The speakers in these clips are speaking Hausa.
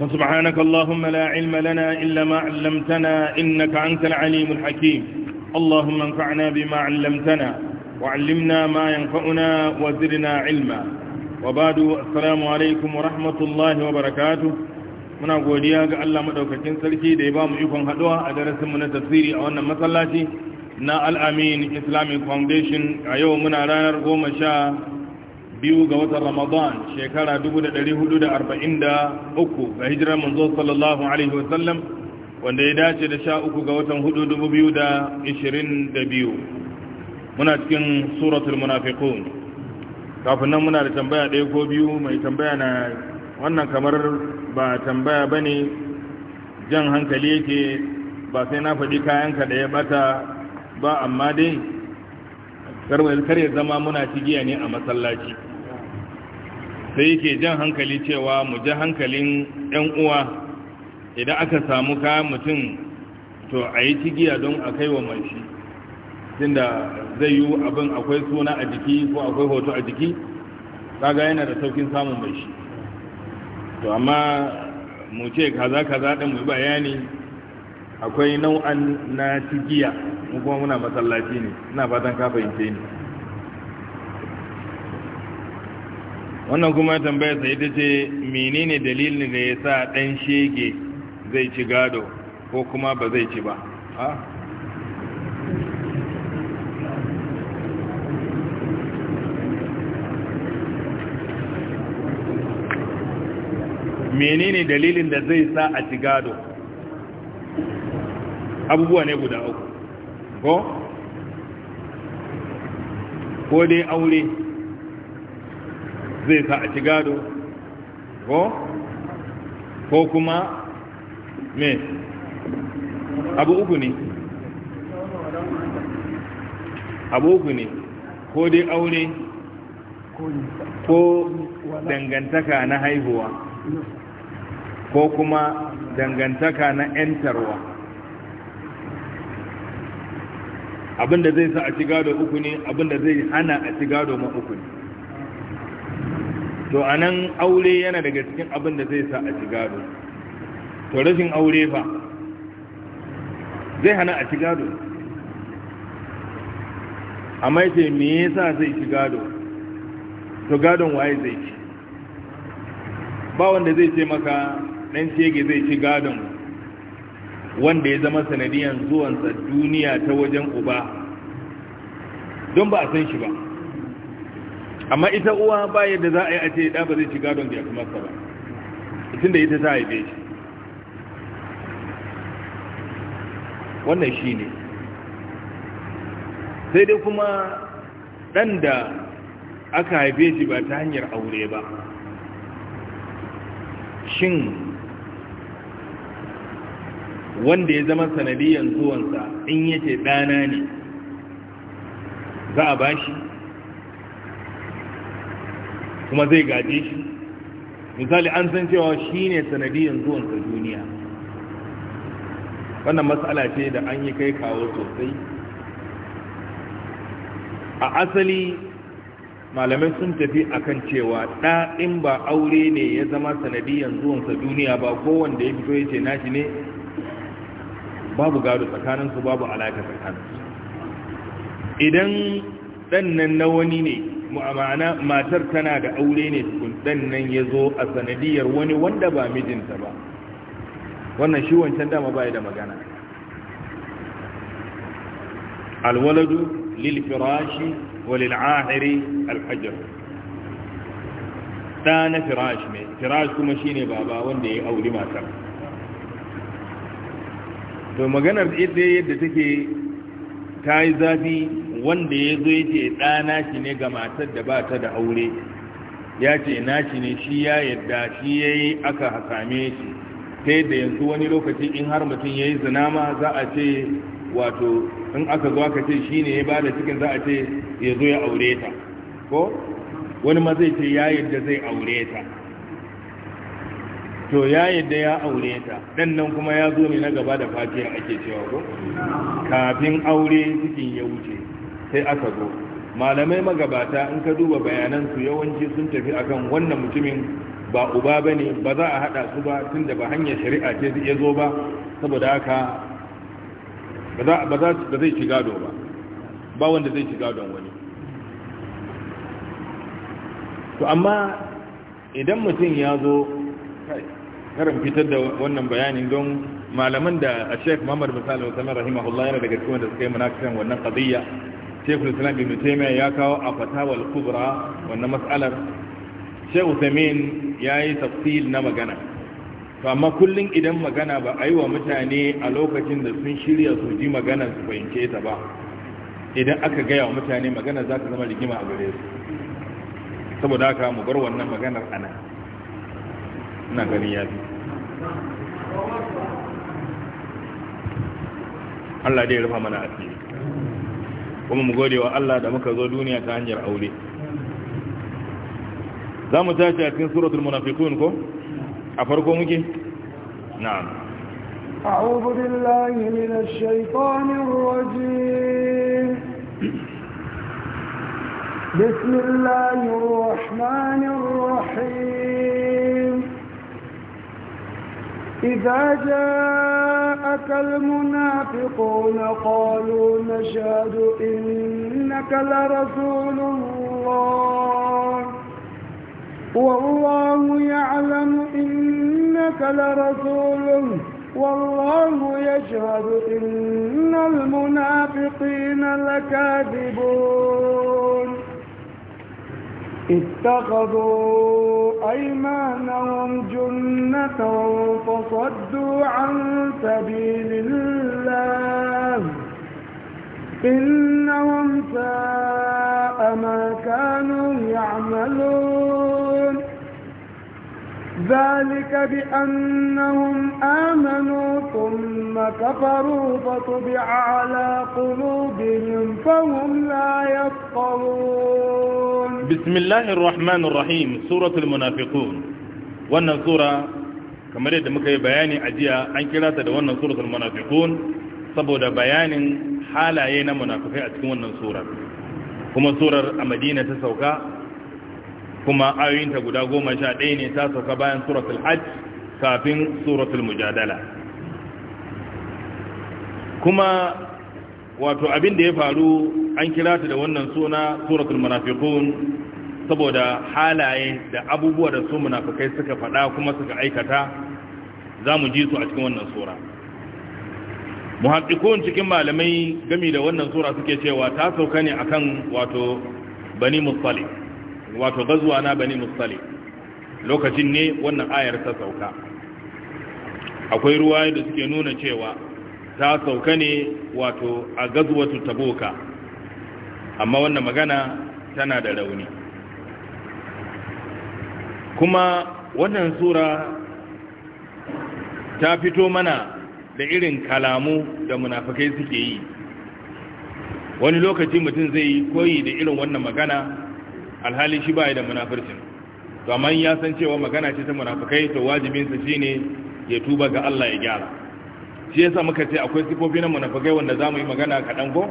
فسبحانك اللهم لا علم لنا إلا ما علمتنا إنك أنت العليم الحكيم اللهم انفعنا بما علمتنا وعلمنا ما ينفعنا وزرنا علما وبعد السلام عليكم ورحمة الله وبركاته muna godiya ga Allah madaukakin sarki da ya bamu ikon haduwa a darasin mu na tafsiri a wannan masallaci na Al-Amin Islamic Foundation a yau muna ranar goma sha biyu ga watan ramadan shekara 443 ga hijirar manzo sallallahu alaihi wasallam wanda ya dace da sha uku ga watan hudu dubu biyu da ishirin da biyu muna cikin suratul munafiqun kafin nan muna da tambaya ɗaya ko biyu mai tambaya na wannan kamar ba tambaya ba ne jan hankali yake ba sai na faɗi kayanka da ya bata ba amma dai kar ya zama muna cigiya ne a masallaci sai yake jan hankali cewa mu ji hankalin 'yan uwa idan aka samu kayan mutum to a yi cigiya don a kai wa mai shi tunda zai yi abin akwai suna a jiki ko akwai hoto a jiki kaga yana da saukin samun mai shi to amma mu ce kaza kaza ɗin mu bayani akwai nau'an na cigiya mu kuma muna masallaci ne ina fatan ka fahimce ni wannan kuma tambayar sa ita ce menene dalilin da ya sa ɗan shege zai ci gado ko kuma ba zai ci ba menene dalilin da zai sa a ci gado abubuwa ne guda uku ko ko dai aure zai sa a ci gado ko ko kuma me abu uku ne abu uku ne ko dai aure ko dangantaka na haihuwa ko kuma dangantaka na 'yantarwa abinda zai sa a ci gado uku ne abinda zai hana a ci gado ma uku ne to a nan aure yana daga cikin abin da zai sa a ci gado to rashin aure fa zai hana a ci gado amma yace me yasa zai ci gado to gadon waye zai ci ba wanda zai ce maka dan shege zai ci gadon wanda ya zama sanadiyan zuwansa duniya ta wajen uba don ba a san shi ba amma ita uwa ba yadda za a yi a ce ɗa ba zai shiga don ya kamar ba tun da ita ta haife shi wannan shi ne sai dai kuma ɗan da aka haife shi ba ta hanyar aure ba shin wanda ya zama sanadiyyar zuwansa in yake ɗana ne za a bashi kuma zai gaje shi misali an san cewa shi ne yanzu zuwansa duniya wannan matsala ce da an yi kai kawo sosai a asali malamai sun tafi akan cewa ɗa ba aure ne ya zama yanzu zuwansa duniya ba kowanda ya fito ya ce nashi ne babu gado tsakaninsu babu alaƙa tsakaninsu idan ɗannan na wani ne ma'ana matar tana da aure ne tukun nan ya zo a sanadiyar wani wanda ba mijinta ba wannan shi wancan dama ba da magana alwaladu lil firashi wa lil ahiri alhajar ta na firash mai firash kuma shine baba wanda ya aure matar to maganar ita yadda take ta yi zafi wanda ya zo ya ce ɗana shi ne ga matar da ba ta da aure ya ce na shi ne shi ya yadda shi ya yi aka hakame shi ta yadda yanzu wani lokaci in har mutum ya yi zinama za a ce wato in aka zo aka ce shi ne ya ba da cikin za a ce ya zo ya aure ta ko wani ma zai ce ya yadda zai aure ta to ya yadda ya aure ta dan nan kuma ya zo ne na gaba da fatiya ake cewa ko kafin aure cikin ya wuce sai aka zo malamai magabata in ka duba bayanansu yawanci sun tafi akan wannan mutumin ba uba ba ne ba za a haɗa su ba tun da ba hanyar shari'a ce zai zo ba saboda haka ba zai ci gado ba ba wanda zai ci don wani to amma idan mutum ya zo karin fitar da wannan bayanin don malaman da a sheik mamar misali wasannin rahimahullah yana daga cikin wanda suka yi munafisan wannan kadiyya shekul islam ibn taymiya ya kawo a fatawal kubra wannan mas'alar shehu samin ya yi tafsil na magana to amma kullum idan magana ba a yi wa mutane a lokacin da sun shirya su ji magana su fahimce ta ba idan aka gaya wa mutane magana za ka zama rigima a gare su saboda haka mu bar wannan maganar ana ina ganin ya fi Allah dai rufa mana asiri kuma mu gode wa Allah da muka zo duniya ta hanyar aure za mu tashi a cikin suratul munafiqun ko a farko muke na'am أعوذ بالله من الشيطان الرجيم بسم الله الرحمن الرحيم إذا جاء المنافقون قالوا نشهد إنك لرسول الله والله يعلم إنك لرسول والله يشهد إن المنافقين لكاذبون اتخذوا أيمانهم جنة فصدوا عن سبيل الله إنهم ساء ما كانوا يعملون ذلك بأنهم آمنوا ثم كفروا فطبع على قلوبهم فهم لا يفقهون بسم الله الرحمن الرحيم سورة المنافقون wannan sura kamar yadda muka yi bayani a jiya an kira ta da wannan suratul saboda bayanin halaye na munafikai a cikin wannan surar kuma surar a Madina ta sauka kuma ayoyinta guda goma sha ɗaya ne ta sauka bayan suratul hajj kafin suratul mujadala kuma wato abin da ya faru an kira ta da wannan suna suratul munafiqun saboda halaye da abubuwa da su munafikai suka faɗa kuma suka aikata za mu ji su a cikin wannan sura muhaƙiƙun cikin malamai gami da wannan sura suke cewa ta sauka ne akan wato bani musfalik wato gazuwa na bani musali lokacin ne wannan ayar ta sauka akwai ruwa da suke nuna cewa ta sauka ne wato a gazuwatu taboka amma wannan magana tana da rauni kuma wannan sura ta fito mana da irin kalamu da munafakai suke yi wani lokaci mutum zai koyi da irin wannan magana alhali shi ba da munafircin to amma ya san cewa magana ce ta munafikai to wajibinsa shine ya tuba ga Allah ya gyara shi yasa muka ce akwai sifofi na munafikai wanda zamu yi magana kaɗan ko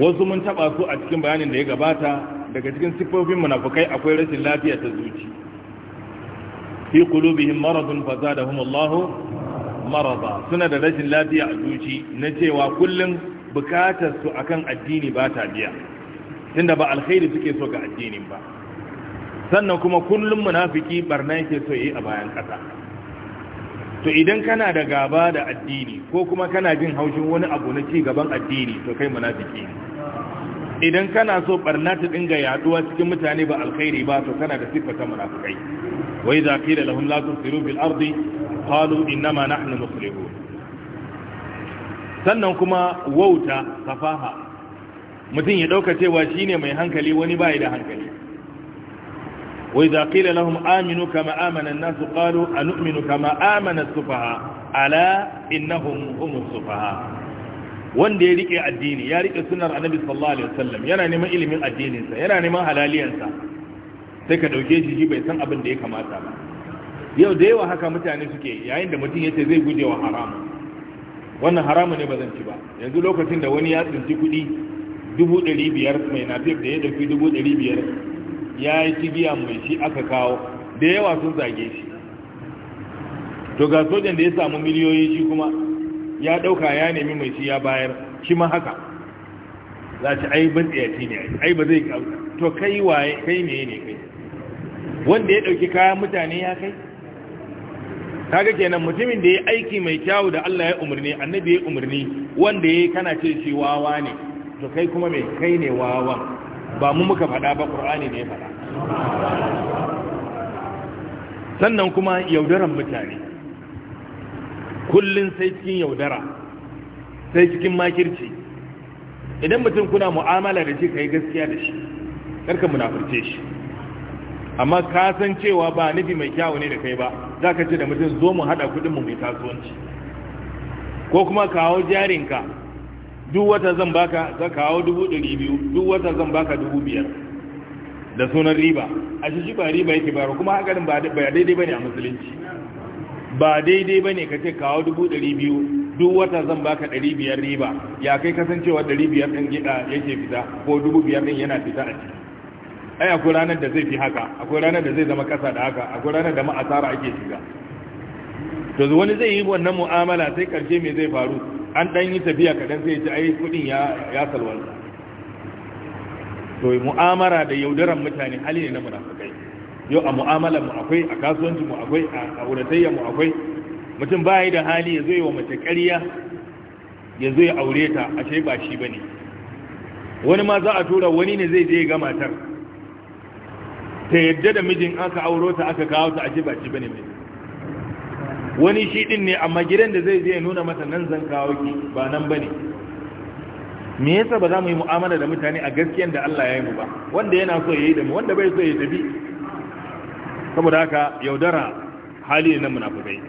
wasu mun taba su a cikin bayanin da ya gabata daga cikin sifofin munafikai akwai rashin lafiya ta zuci fi qulubihim maradun fazadahum Allah marada suna da rashin lafiya a zuci na cewa kullum bukatar su akan addini ba ta biya tunda ba alkhairi suke so ga addinin ba sannan kuma kullum munafiki barna yake so yi a bayan kasa to idan kana da gaba da addini ko kuma kana jin haushin wani abu na ci gaban addini to kai munafiki ne idan kana so barna ta dinga yaduwa cikin mutane ba alkhairi ba to kana da siffa ta munafikai wa idza qila lahum la tusiru fil ardi qalu innama nahnu muslimun sannan kuma wauta safaha mutum ya ɗauka cewa shine mai hankali wani bai da hankali wai za qila aminu kama amana an ƙaru a anu'minu kama amana sufaha ala innahum humus sufaha wanda ya rike addini ya rike sunnar annabi sallallahu alaihi wasallam yana neman ilimin addininsa yana neman halaliyarsa sai ka ɗauke shi bai san abin da ya kamata ba yau da yawa haka mutane suke yayin da mutum ya ce zai wa haramu. wannan haramu ne ba zan ci ba yanzu lokacin da wani ya tsinci kuɗi dubu ɗari biyar mai nafiyar da ya ɗauki dubu ɗari biyar ya yi cigiya mai shi aka kawo da yawa sun zage shi to ga sojan da ya samu miliyoyi shi kuma ya ɗauka ya nemi mai shi ya bayar shi ma haka za ci ai ban tsayaci ne ai ba zai kawo to kai waye kai ne ne kai wanda ya ɗauki kayan mutane ya kai kaga kenan mutumin da ya aiki mai kyawu da Allah ya umarni annabi ya umarni wanda ya kana ce shi wawa ne to kai kuma mai kai ne wawan ba mu muka faɗa ba ƙur'ani ne ya faɗa sannan kuma yaudaran mutane kullum sai cikin yaudara sai cikin makirci idan mutum kuna mu'amala da shi ka gaskiya da shi karka munafurce shi amma ka san cewa ba nufi mai kyawu ne da kai ba za ka ce da mutum zo mu haɗa mu mai kasuwanci ko kuma kawo jarinka duk wata zan baka ka kawo dubu ɗari biyu duk wata zan baka dubu biyar da sunan riba a shi ba riba yake bayar kuma hakanin ba daidai ba ne a musulunci ba daidai ba ne ka ce kawo dubu ɗari biyu duk wata zan baka ɗari biyar riba ya kai kasancewa ɗari biyar ɗin gida eh, yake fita ko dubu biyar ɗin yana fita a ciki ai akwai ranar da zai fi haka akwai ranar da zai zama ƙasa da haka akwai ranar da ma'asara ake shiga to wani zai yi wannan mu'amala sai ƙarshe me zai faru an dan yi tafiya kaɗan sai ta ai kudin ya salwanta to mu'amara da yaudaran mutane hali ne na munafikai yau a mu'amalar mu akwai a kasuwanci mu akwai a auratayya mu akwai mutum ba yi da hali ya zo yi wa mace ƙarya ya zo ya aure ta ashe ba shi bane wani ma za a tura wani ne zai je ga matar ta yadda da mijin aka auro ta aka kawo ta ashe ba shi bane mai wani shi din ne amma gidan da zai je nuna masa nan zan kawo ki ba nan bane me yasa ba za mu yi mu'amala da mutane a gaskiyan da Allah ya yi mu ba wanda yana so yayi da mu wanda bai so ya tafi saboda haka yaudara hali ne na munafikai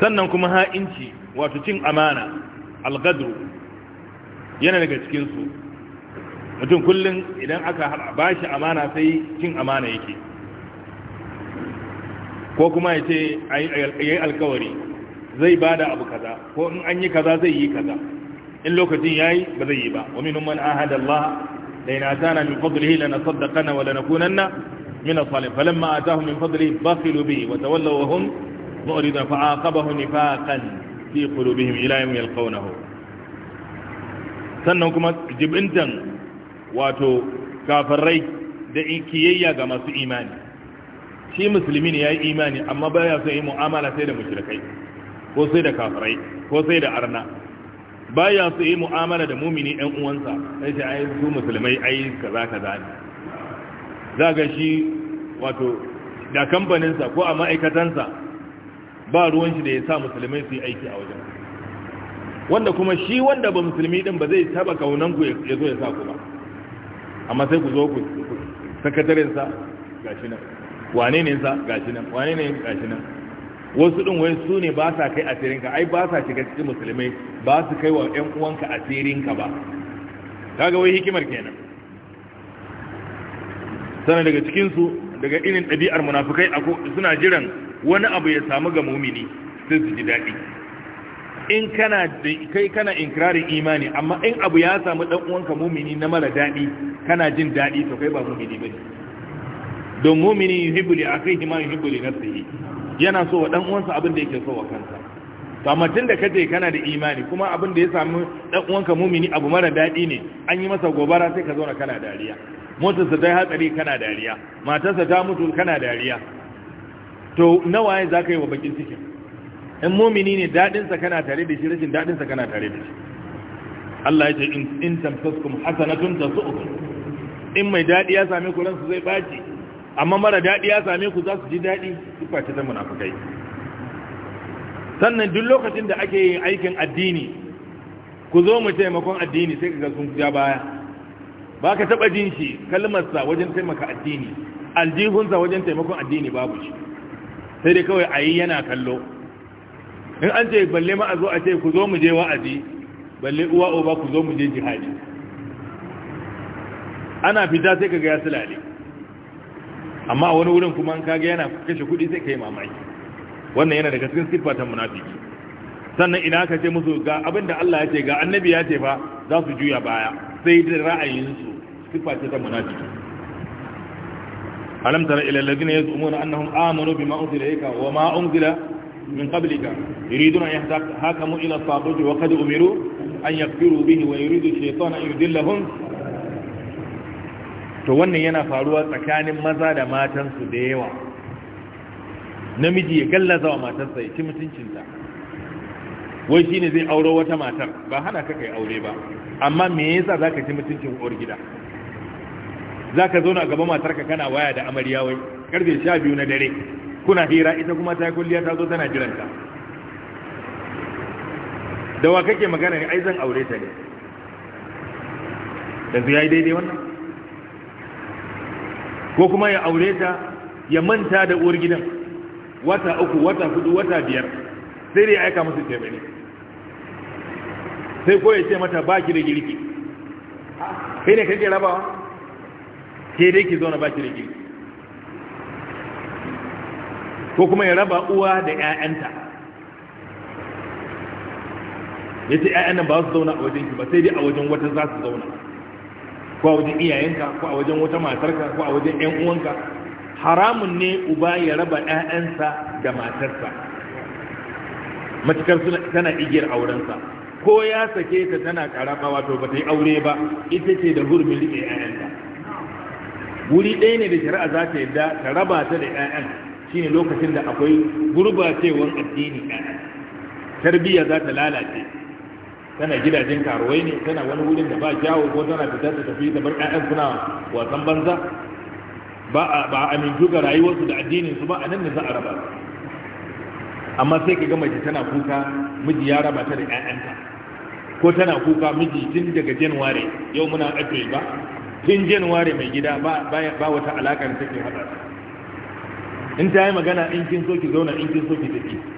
sannan kuma ha'inci wato cin amana al algadru yana daga cikin su mutum kullum idan aka bashi amana sai cin amana yake ko kuma ya ce yi alkawari zai ba da abu kaza ko in an yi kaza zai yi kaza in lokacin ya yi ba zai yi ba wa minhum man ahada Allah la in atana min fadlihi lanasaddaqana wa lanakunanna min as-salihin falamma atahum min fadlihi bakhilu bihi wa tawallaw wa hum mu'ridun fa'aqabahu nifaqan fi qulubihim ila yawm yalqawnahu sannan kuma jibintan wato kafirai da kiyayya ga masu imani shi musulmi ne ya yi imani amma ba ya son yi mu'amala sai da mushrikai ko sai da kafirai ko sai da arna ba ya son yi mu'amala da mumini ɗan uwansa sai sai ai su musulmai ai kaza kaza ne za ga shi wato da kamfaninsa ko a ma'aikatansa ba ruwan shi da ya sa musulmai su yi aiki a wajen wanda kuma shi wanda ba musulmi din ba zai taba kaunan ku ya zo ya sa ku ba amma sai ku zo ku sakatarinsa gashi nan wane ne sa gashi nan wane ne gashi nan wasu din wai su ne ba sa kai ka ai ba sa shiga cikin musulmai ba su kai wa ƴan uwanka ka ba kaga wai hikimar kenan sana daga cikin su daga irin ɗabi'ar munafikai suna jiran wani abu ya samu ga mumini sai su ji daɗi in kana kai kana inkirarin imani amma in abu ya samu dan uwanka mumini na mara daɗi kana jin daɗi to kai ba mumini bane don mumini yuhibbu li akhihi ma yuhibbu li nafsihi yana so wa dan uwansa abin da yake so wa kansa to amma tunda kaje kana da imani kuma abin da ya samu dan uwanka mumini abu mara dadi ne an yi masa gobara sai ka zauna kana dariya motarsa ta yi hatsari kana dariya matarsa ta mutu kana dariya to nawa ne zaka yi wa bakin cikin in mumini ne dadin sa kana tare da shi rashin dadin sa kana tare da shi Allah ya ce in tamsaskum hasanatun tasu'ukum in mai dadi ya same ku zai baci amma mara daɗi ya same ku za su ji daɗi sifa ta munafukai sannan duk lokacin da ake yin aikin addini ku zo mu taimakon addini sai ka sun ja baya ba ka taɓa jin shi kalmarsa wajen taimaka addini aljihunsa wajen taimakon addini babu shi sai dai kawai a yi yana kallo in an ce balle ma a zo a ce ku zo mu je wa'azi balle uwa uba ku zo mu je jihadi ana fita sai ka ga ya sulale amma a wani wurin kuma kage yana kashe kuɗi sai kai mamaki wannan yana daga cikin siffatan munafiki sannan ina ka ce musu ga abin da Allah ya ce ga annabi ya ce fa za su juya baya sai da ra'ayinsu siffa ce ta munafiki alam tara ila alladhina yaz'umuna annahum amanu bima unzila ilayka wa ma unzila min qablika yuriduna an yahtakamu ila as-sabuti wa qad umiru an yakfuru bihi wa yuridu ash-shaytanu an yudillahum to wannan yana faruwa tsakanin maza da matansu da yawa namiji ya gallaza wa matarsa ya ci mutuncinta wai shine zai auro wata matar ba hana ka kai aure ba amma me yasa zaka ci mutuncin uwar gida zaka zo na gaba matarka kana waya da amarya wai karfe biyu na dare kuna hira ita kuma ta kulliya ta zo tana jiranta da wa kake magana ne ai zan aure ta ne yanzu yi daidai wannan ko kuma ya aure ta ya manta da uwar gidan wata uku wata hudu wata biyar sai dai aika musu taimani sai ko ya ce mata ba ki da girki kai ne kake rabawa ke dai ki zauna ba ki da girki ko kuma ya raba uwa da 'ya'yanta ya ce 'ya'yan nan ba su zauna a wajen ki ba sai dai a wajen wata za su zauna ko a wajen iyayenka ko a wajen wata matarka ko a wajen ɗan uwanka haramun ne uba ya raba ɗayansa da matarsa matukar tana igiyar aurensa ko ya sake ta tana karama wato ba ta yi aure ba ita ce da hurumin riƙe ƴaƴanta wuri ɗaya ne da shari'a za ta yarda ta raba ta da ƴaƴan shine lokacin da akwai gurbacewan addini ɗayan tarbiyya za ta lalace tana gidajen karuwai ne tana wani wurin da ba kyawu ko tana fita ta tafi ta bar ƴaƴan suna wasan banza ba a ba min juga rayuwarsu da addinin su ba a nan ne za a raba su amma sai ka ga mace tana kuka miji ya raba ta da ƴaƴanta ko tana kuka miji tun daga January yau muna April ba tun January mai gida ba ba wata alaka take haɗa su, in ta yi magana in kin so ki zauna in kin so ki tafi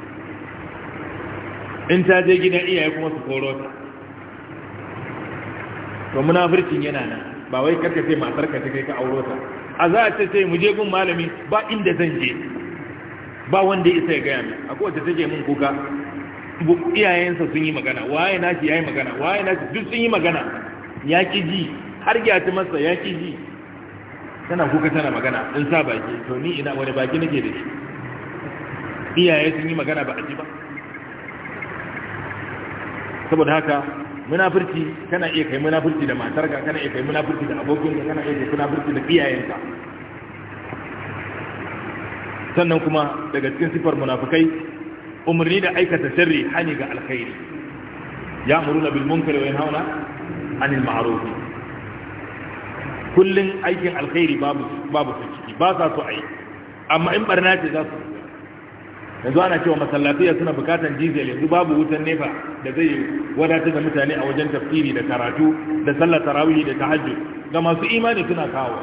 in ta je gidan iyaye kuma su koro ta to furcin yana nan ba wai karka ce matar ka kai ka auro ta a za a ce sai mu je gun malami ba inda zan je ba wanda ya isa ya gaya min akwai wacce take min kuka iyayensa sun yi magana waye ya yayi magana waye shi duk sun yi magana ya ki ji har ya ci masa ya ki ji tana kuka tana magana in sa baki to ni ina wani baki nake da shi iyaye sun yi magana ba a ji ba saboda haka munafurci kana iya kai munafurci da matarka kana iya kai munafurci da abokinka kana iya kai munafurci da iyayenka sannan kuma daga cikin sifar munafukai umarni da aikata sirri hani ga alkhairi ya na bil munkari wa yanhauna anil ma'ruf kullun aikin alkhairi babu babu su ciki ba sa su ai amma in barna ce za su yanzu ana cewa masallatiya suna bukatan jizya yanzu babu wutan nefa da zai wadatar da mutane a wajen tafsiri da karatu da sallar tarawih da tahajjud ga masu imani suna kawo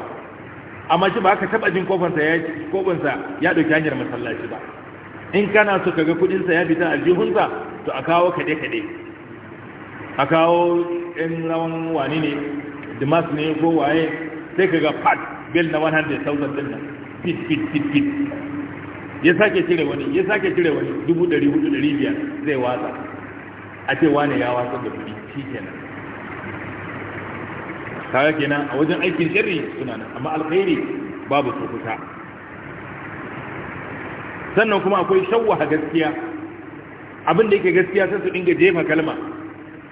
amma shi ba ka taba jin kofarsa ya kofansa ya dauki hanyar masallaci ba in kana so kaga kudin sa ya fita aljihunsa to a kawo kade kade a kawo in rawan wani ne dimas ne ko waye sai kaga pat bill na 100,000 din nan fit fit fit fit ya sake cire wani ya sake cire wani dubu dari hudu dari biyar zai watsa a ce wane ya watsa da kuɗi shi kenan kaga kenan a wajen aikin shirri suna nan amma alkhairi babu su kusa sannan kuma akwai a gaskiya abin da yake gaskiya sai su dinga jefa kalma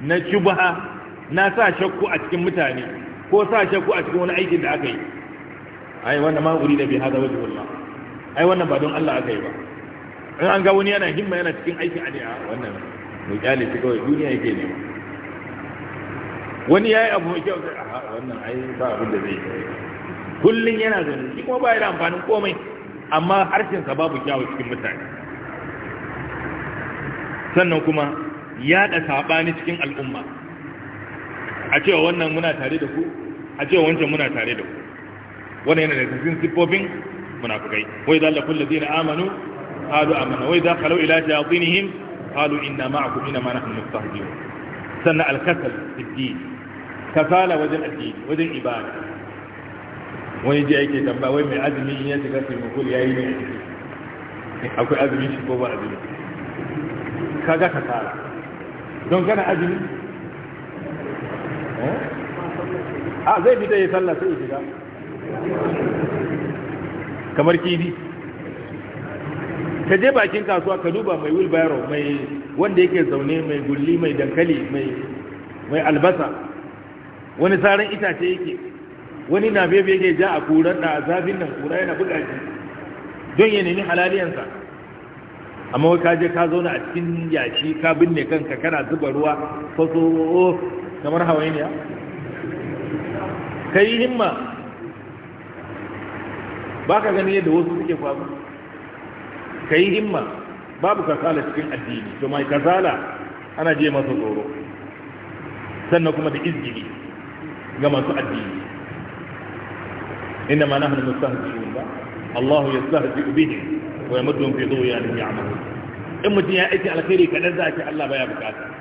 na shubha na sa shakku a cikin mutane ko sa shakku a cikin wani aikin da aka yi ai wannan ma uri da bi hada wajhullah ai wannan ba don Allah aka yi ba in an ga wani yana himma yana cikin aikin ade a wannan mai kyale shi kawai duniya yake ne wani yayi abu mai kyau a wannan ai ba abin da zai yi kullun yana zaune shi kuma ba ya da amfanin komai amma harshen sa babu kyau cikin mutane sannan kuma yaɗa saɓani cikin al'umma a cewa wannan muna tare da ku a cewa wancan muna tare da ku wannan yana da cikin siffofin منافقين واذا لقوا الذين امنوا قالوا امنوا واذا خلوا الى شياطينهم قالوا انا معكم انما نحن مستهزئون سنة الكسل في الدين كفاله وزن الدين وزن عباده ويجي ايكي تنبا وين من عزمي ان ياتي يا ايمي اكو عزمي شكوى عزمي كذا كفاله دونك انا عزمي اه زي بدا يصلى سيدي kamar kidi ka je bakin kasuwa ka duba mai wheelbarrow mai wanda yake zaune mai gulli mai dankali mai albasa wani tsarin itace yake wani na bebe yake ja a kuran da zafin nan kura yana buga shi don ya nemi halaliyansa amma wai ka je ka zauna a cikin yashi ka binne kanka kana zuba ruwa faso oh, kamar hawainiya ka yi himma baka gani yadda wasu suke faru kai himma babu kasala cikin addini to mai kasala ana je masa tsoro sannan kuma da izgili ga masu addini inna ma nahnu mustahzi'un ba Allah yastahzi'u bihi wa yamudduhum fi dhuyanihim ya'malun in mutum ya aiki alkhairi kadan za ki Allah baya bukata wa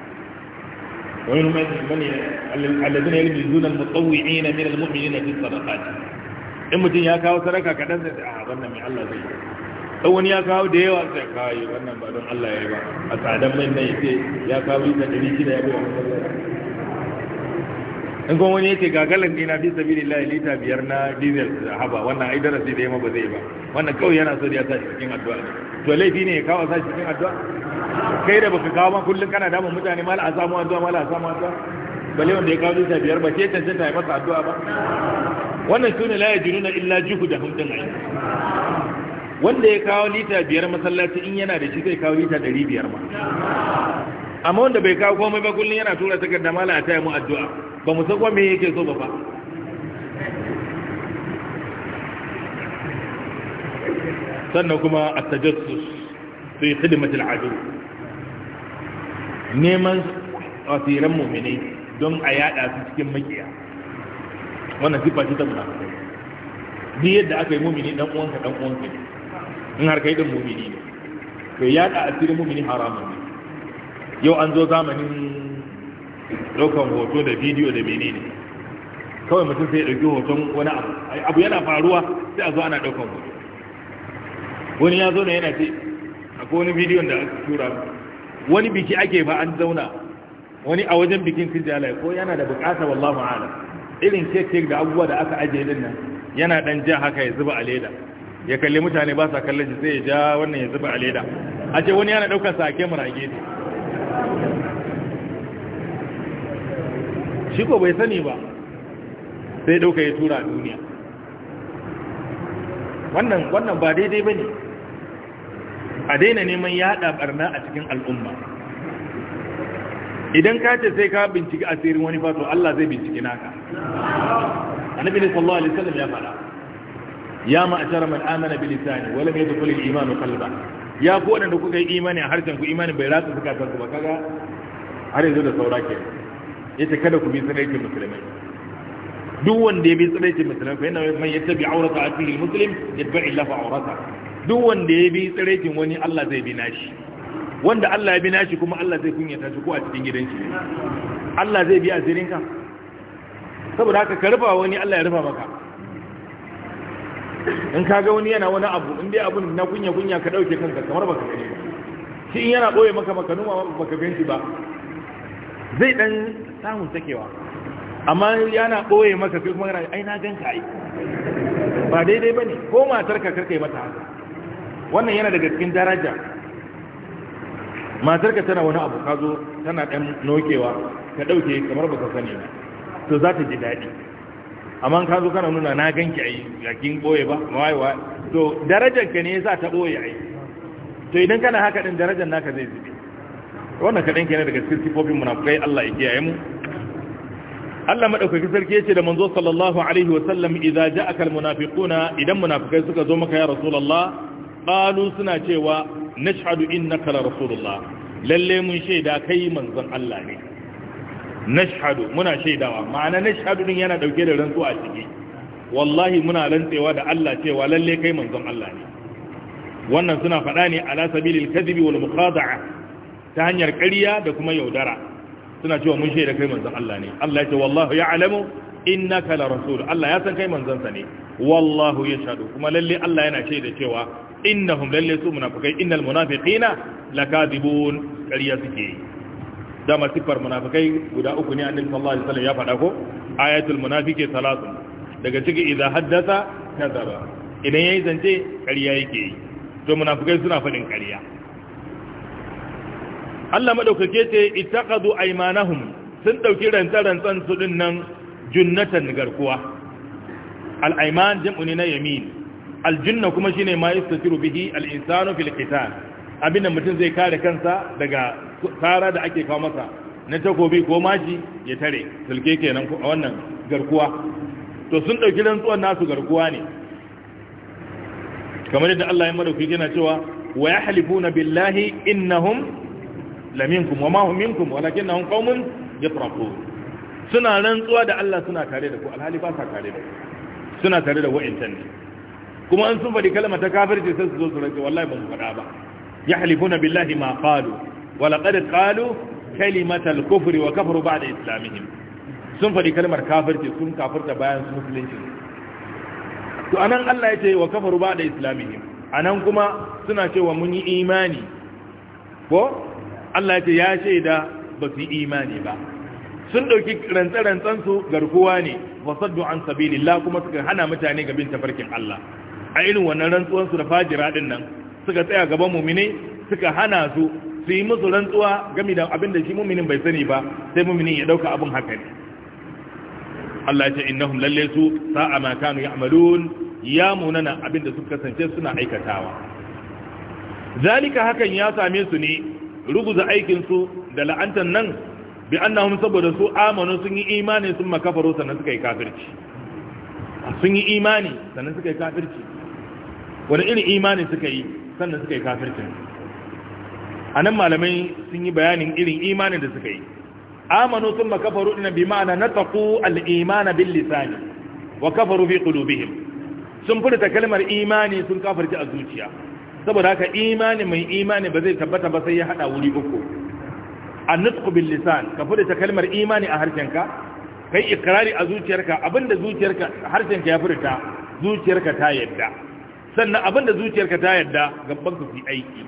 ومنهم من الذين يلمزون المطوعين من المؤمنين fi sadaqati in mutum ya kawo sadaka kaɗan zai a ah, wannan mai Allah zai yi wani ya kawo da yawa sai yi wannan ba don Allah ya yi ba a tsadan mai nan yace ya kawo ita ɗari shida ya bawa in kuma wani yake gagalin dina fi sabilillah lita biyar na diesel da haba wannan ai darasi da yamma ba zai ba wannan kawai yana so da ya sashi cikin addu'a to laifi ne ya kawo sashi cikin addu'a kai da baka kawo ma kullum kana damun mutane mala a samu addu'a mala a samu addu'a bale wanda ya kawo lita biyar ba ce cancanta ya masa addu'a ba wannan sune la na illa juhdahum da ai wanda ya kawo lita biyar masallaci in yana da shi zai kawo lita ɗari biyar ma amma wanda bai kawo komai ba kullum yana tura takarda mala a taya mu addu'a ba mu san me yake so ba fa sannan kuma at-tajassus fi khidmat al-adu neman asiran mu'mini don a yada su cikin makiya wannan sifa ce ta munafikai duk yadda aka yi mumini dan uwanka dan uwanka ne in har kai din mumini ne to ya ka asirin mumini haramun ne yau an zo zamanin ɗaukan hoto da bidiyo da menene kawai mutum sai ya dauki hoton wani abu abu yana faruwa sai a zo ana daukan hoto wani ya zo ne yana ce akwai wani bidiyon da aka tura wani biki ake ba an zauna wani a wajen bikin sijjala ko yana da bukata wallahu a'lam irin kekek da abubuwa da aka ajiye din nan yana dan ja haka ya zuba a leda ya kalli mutane ba sa kallon shi sai ya ja wannan ya zuba a leda a ce wani yana daukar sa a kemura a shi ko bai sani ba sai dauka ya tura a duniya wannan wannan ba daidai bane a daina neman yada barna a cikin al'umma idan ka ce sai ka binciki asirin wani fato Allah zai binciki naka annabi sallallahu alaihi wasallam ya fara ya ma'ashara man amana bil lisani wa lam yadkhul al-iman qalba ya ku wanda kuka yi imani a harshen ku imanin bai ratsa suka ku ba kaga har yanzu da saura ke yace kada ku bi tsiraitin musulmai duk wanda ya bi tsiraitin musulmai fa yana man yattabi awrata akhihi al-muslim yatba'i Allahu awrata duk wanda ya bi tsiraitin wani Allah zai bi nashi wanda Allah ya bi nashi kuma Allah zai kunyata shi ko a cikin gidan shi Allah zai bi azirinka saboda haka ka rufa wani Allah ya rufa maka in ka ga wani yana wani abu in dai abun na kunya kunya ka dauke kanka kamar baka gani ba shi in yana boye maka maka numa baka ganci ba zai dan samun sakewa amma yana boye maka kai kuma yana ai na ganka ai ba daidai bane ko matar ka karka yi mata haka wannan yana daga cikin daraja matar ka tana wani abu ka zo tana dan nokewa ka dauke kamar baka sani ba to za ta ji daɗi amma ka zo kana nuna na ganki ai yakin ɓoye ba mawaiwa to darajar ne za ta boye ai to idan kana haka ɗin darajar naka zai zube wannan kadan kenan daga cikin sifofin munafikai Allah ya kiyaye mu Allah madaukaki sarki yace da manzo sallallahu alaihi wa sallam idza ja'aka almunafiquna idan munafikai suka zo maka ya rasulullah qalu suna cewa nashhadu innaka la rasulullah lalle mun shaida kai manzon Allah ne nashhadu muna shaidawa ma'ana nashhadu din yana dauke da rantsu a ciki wallahi muna rantsewa da Allah cewa lalle kai manzon Allah ne wannan suna faɗa ne ala sabilil kadhibi wal muqada'a ta hanyar ƙarya da kuma yaudara suna cewa mun shaida kai manzon Allah ne Allah ya ce wallahu ya'lamu innaka la rasul Allah ya san kai manzansa ne wallahu yashhadu kuma lalle Allah yana shaida cewa innahum lalle su munafikai innal munafiqina lakadibun ƙarya suke yi dama siffar munafikai guda uku ne annabi sallallahu alaihi wasallam ya faɗa ko ayatul munafiki salatu daga ciki idza haddatha kadhaba idan yayi zance ƙarya yake yi to munafikai suna faɗin ƙarya Allah madaukake ce ittaqadu aymanahum sun dauki rantsan su din nan junnatan garkuwa al-ayman jam'u ne na yamin al-junna kuma shine ma yastatiru bihi al-insanu fil qital abin da mutum zai kare kansa daga tsara da ake kawo masa na takobi ko maji ya tare sulke kenan a wannan garkuwa to sun ɗauki rantsuwan nasu garkuwa ne kamar yadda Allah ya kuke na cewa wa na billahi innahum laminkum wa ma hum minkum walakinnahum ya yafraqun suna rantsuwa da Allah suna tare da ku alhali ba sa tare da ku suna tare da wa'intan ne kuma an sun faɗi kalmata ta kafirce sai su zo su rage wallahi ba mu faɗa ba Ya yahlifuna billahi ma qalu wa laqad qalu kalimatal kufri wa kafaru da islamihim sun faɗi kalmar kafirci sun kafirta bayan su musulunci to a nan Allah ya ce wa kafaru ba'da islamihim nan kuma suna cewa mun yi imani ko Allah ya ce ya shaida ba su yi imani ba sun ɗauki rantsa garkuwa ne wasaddu an sabilillah kuma suka hana mutane gabin bin tafarkin Allah a irin wannan rantsuwansu da fajira din nan suka tsaya gaban mumini suka hana su su yi musu rantsuwa game da abin da shi muminin bai sani ba sai muminin ya dauka abin haka ne Allah ya ce innahum lalle su sa'a ma kanu ya'malun ya munana abin da suka kasance suna aikatawa zalika hakan ya same su ne rubuza aikin su da la'antan nan bi annahum saboda su amanu sun yi imani sun makafaro sannan suka yi kafirci sun yi imani sannan suka yi kafirci wani irin imani suka yi sannan suka yi kafircin a nan malamai sun yi bayanin irin imanin da suka yi amano sun makafaru ɗina bi ma'ana na taku al'imana bin lisani wa kafaru fi ƙudubihim sun furta kalmar imani sun kafarci a zuciya saboda haka imani mai imani ba zai tabbata ba sai ya haɗa wuri uku an nutku bin lisan ka furta kalmar imani a harshenka kai ikirari a zuciyarka abinda zuciyarka harshenka ya furta zuciyarka ta yadda sannan abin da zuciyarka ta yarda gaban su fi aiki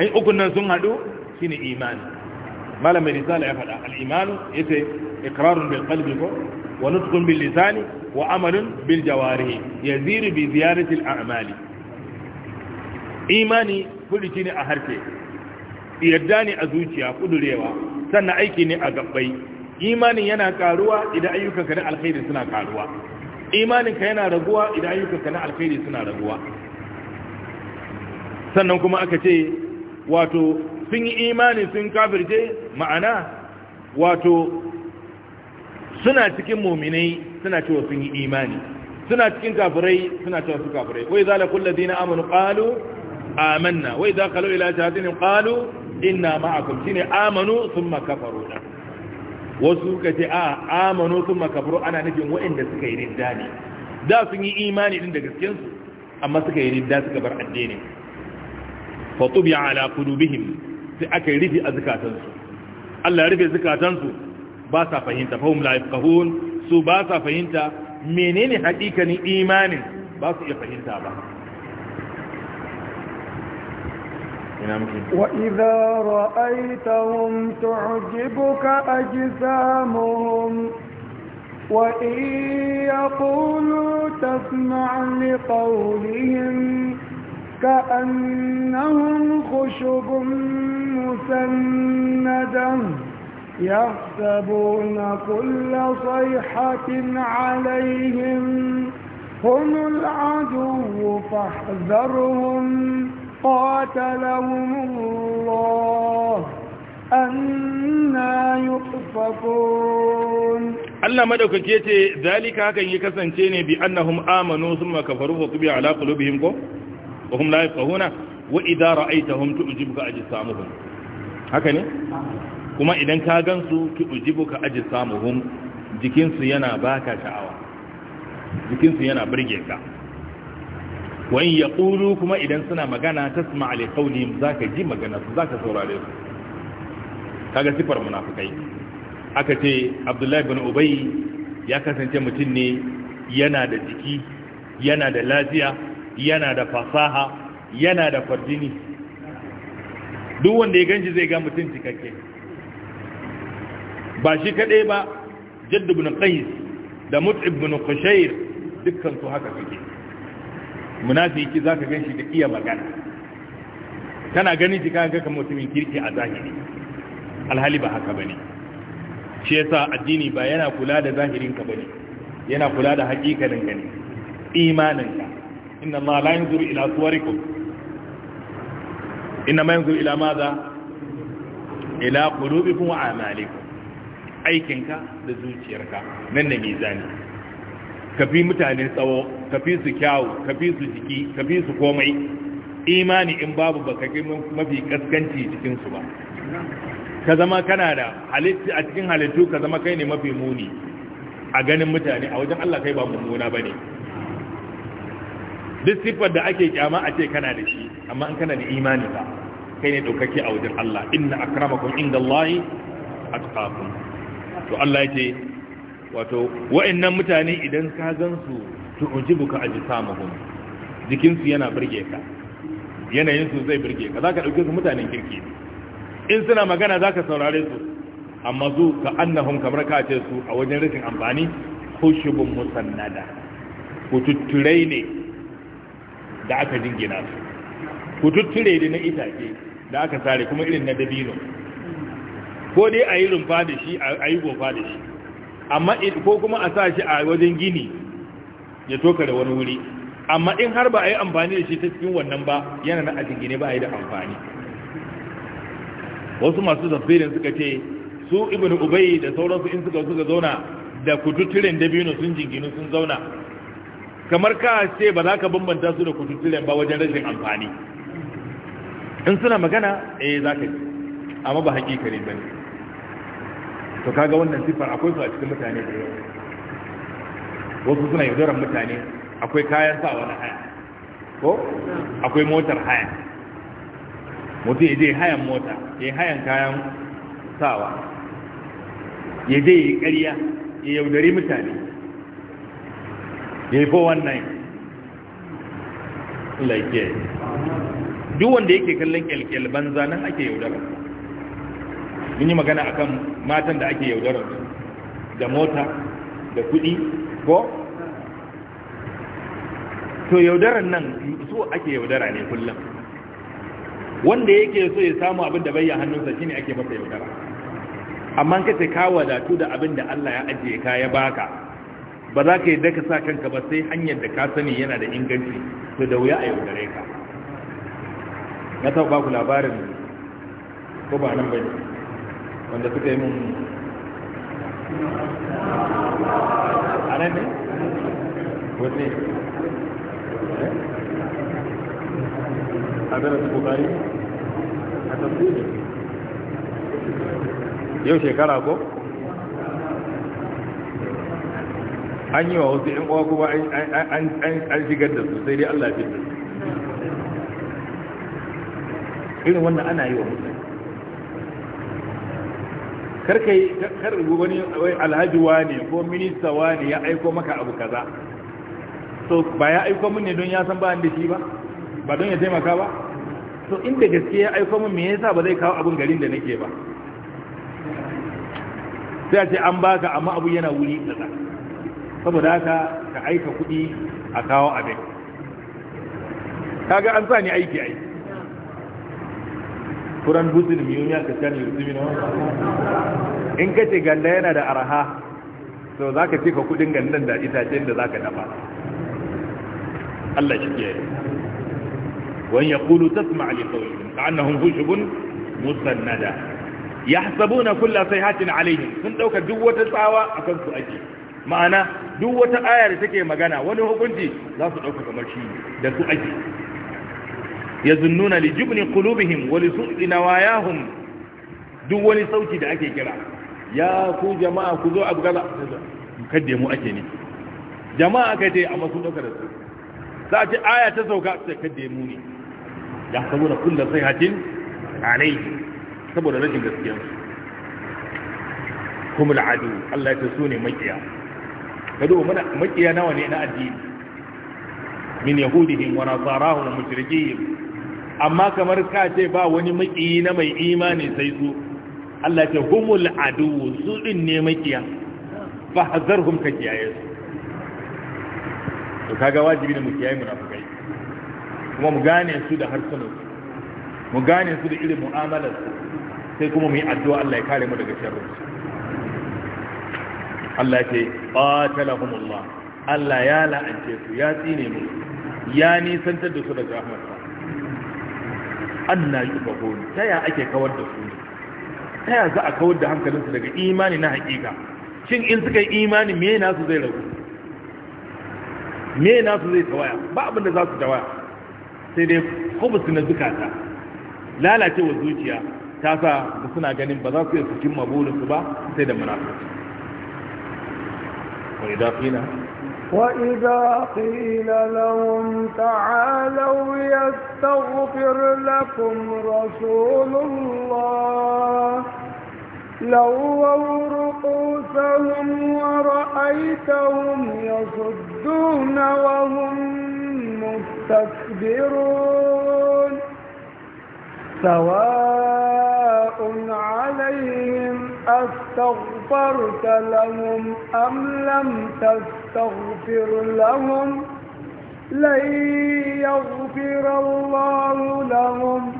ai ukun nan sun hadu shine imani malam mai risala ya faɗa al-imanu yace iqrarun bil qalbi ko wa nutqun bil lisani wa amalun bil jawarih yaziru bi ziyarati amali imani furuci ne a harfe yarda ne a zuciya kudurewa sannan aiki ne a gabbai Imani yana karuwa idan ayyukan ka na alkhairi suna karuwa imaninka yana raguwa idan ayyukanka na alkhairi suna raguwa sannan kuma aka ce wato sun yi imani sun kafirce ma'ana wato suna cikin muminai suna cewa sun yi imani suna cikin kafirai suna cewa su kafirai wai zala kulladina amanu qalu amanna wai za qalu ila shayatin qalu inna ma'akum shine amanu thumma kafaru wasu suka ce a amanu sun makabru ana nufin waɗanda suka yi ridda ne da sun yi imani din da gaskensu amma suka yi ridda suka bar addinin fa tubi ala kudu qulubihim sai aka yi rufi a zukatansu Allah ya rufe zukatansu ba sa fahimta fahum la yafqahun su ba sa fahimta menene hakikanin imanin ba su iya fahimta ba وإذا رأيتهم تعجبك أجسامهم وإن يقولوا تسمع لقولهم كأنهم خشب مسندة يحسبون كل صيحة عليهم هم العدو فاحذرهم قاتلهم الله أنا يؤفكون Allah madaukake yace zalika hakan ya kasance ne bi annahum amanu thumma kafaru wa tubi ala qulubihim ko wa hum la yafahuna wa idha ra'aytahum tu'jibuka ajsamuhum haka ne kuma idan ka gansu ujibuka ajsamuhum jikin su yana baka sha'awa jikin su yana burge ka wani ya ƙulu kuma idan suna magana ta suma alikaunihim za ka ji magana su za ka saurare su kaga sifar munafukai aka ce abdullahi bin ubai ya kasance mutum ne yana da jiki yana da lafiya yana da fasaha yana da fardini. duk wanda ya ganji zai ga mutum cikakke ba shi kaɗai ba jaddu bin qais da mut'ib bin kushair dukkan su haka suke munafiki zaka ganshi da iya magana Tana ganin shi kaga kamar mutumin kirki a zahiri alhali ba haka bane shi yasa addini ba yana kula da zahirin ka bane yana kula da hakikalin ka ne imanin ka inna Allah la yanzuru ila suwarikum inna ma yanzuru ila madha ila qulubikum wa a'malikum aikinka da zuciyarka nan da mizani ka fi mutane tsawo ka fi su kyawu ka fi su jiki ka fi su komai imani in babu ba kai mafi kaskanci su ba ka zama kana da a cikin halittu ka zama kai ne mafi muni a ganin mutane a wajen Allah kai ba mummuna ba ne duk siffar da ake kyama a ce kana da shi amma in kana da imani ba kai ne daukake a wajen Allah inna akramakum indallahi atqakum to Allah ya ce wato wa'annan mutane idan ka gansu ka ajsamuhum jikin su yana burge ka yanayin su zai burge ka zaka dauke su mutanen kirki in suna magana zaka saurare su amma zu ka annahum kamar ka ce su a wajen rashin amfani khushubun musannada kututturai ne da aka jingina su tutture ne na itace da aka sare kuma irin na dabino ko dai a yi rumfa da shi a yi gofa da shi amma ko kuma a sa shi a wajen gini ya toka da wani wuri amma in har ba a yi amfani da shi ta cikin wannan ba yana na a gini ba a yi da amfani wasu masu zafirin suka ce su ibn ubai da sauransu in suka suka zauna da kututturen dabino sun jinginu sun zauna kamar ka ce ba za ka bambanta su da kututturen ba wajen rashin amfani in suna magana eh za ka ji amma ba hakikari ba ne to kaga wannan siffar akwai su a cikin mutane da yawa wasu suna yaudarar mutane akwai kayan sawa na haya ko akwai motar haya mutum ya je hayan mota ya hayan kayan sawa ya je ya yi ƙarya ya yaudari mutane ya yi fo wannan laike duk wanda yake kallon kyalkyal banza nan ake yaudarar mun yi magana akan matan da ake yaudarar da mota da kuɗi ko to yaudarar nan so ake yaudara ne kullum wanda yake so ya samu abin da bayyana hannunsa shine ake masa yaudara amma ka ce ka wadatu da abin da Allah ya ajiye ka ya baka ba za ka yi daka sa kanka ba sai hanyar da ka sani yana da inganci to da wuya a yaudare ka na taɓa ku labarin ko ba nan bane wanda suka yi mun a ne? wanne? Eh? a darasu kokari? a tafsiri yau shekara ko? an yi wa wasu ‘yan kowa kuma an shigar da su sai dai Allah fi irin wannan ana yi wa mutane karka yi kar wani alhaji wane ko minista wane ya aiko maka abu kaza so ba ya aiko mun ne don ya san ba da shi ba ba don ya taimaka ba so inda gaske ya aiko mun me yasa ba zai kawo abun garin da nake ba sai a ce an baka amma abu yana wuri kaza saboda haka ka aika kuɗi a kawo abin kaga an sa ni aiki aiki furan dutsen miyuniya ka sani yurtumi na in ka ce ganda yana da araha so za ka cika kudin gandan da itace da za ka dafa Allah shi ke wani ya kulu ta suma alikawai ta annahun hushubun musannada ya hasabu na kulla sai hatin alaihim sun ɗauka duk wata tsawa a kan su ake ma'ana duk wata ayar da take magana wani hukunci za su ɗauka kamar shi da su ake yazunnuna li jubni qulubihim wa li su'i nawayahum duk wani sauki da ake kira ya ku jama'a ku zo abu gaza kadde mu ake ne jama'a aka ce amma sun dauka da su za ta aya ta sauka ta kadde mu ne ya saboda kullu sayhatin alayhi saboda rashin gaskiyar su kuma al'adu Allah ya taso ne makiya kado mana makiya nawa ne na addini min yahudihim wa nasarahum wa mushrikihim amma kamar ka ce ba wani maƙiyi na mai imani sai su Allah ce humul aduwu su din ne maƙiya Ba fa hazarhum ka kiyaye su to kaga wajibi ne mu kiyaye munafikai kuma mu gane su da harsunan su mu gane su da irin mu'amalar su sai kuma mu yi addu'a Allah ya kare mu daga sharrin su Allah ya ce qatalahumullah Allah ya la'ance su ya tsine mu ya nisantar da su daga rahmatu anna yubahun ta ya ake kawar da su ta ya za a kawar da hankalinsu daga imani na haƙiƙa shin in suka yi imani me nasu zai ragu me nasu zai tawaya ba abin da za su tawaya sai dai hubusu na zukata lalacewa zuciya ta sa da suna ganin ba za su yi su cimma burinsu ba sai da munafurci. Wani dafina وإذا قيل لهم تعالوا يستغفر لكم رسول الله لووا رؤوسهم ورأيتهم يصدون وهم مستكبرون سواء عليهم أستغفرت لهم أم لم تستغفر لهم لن يغفر الله لهم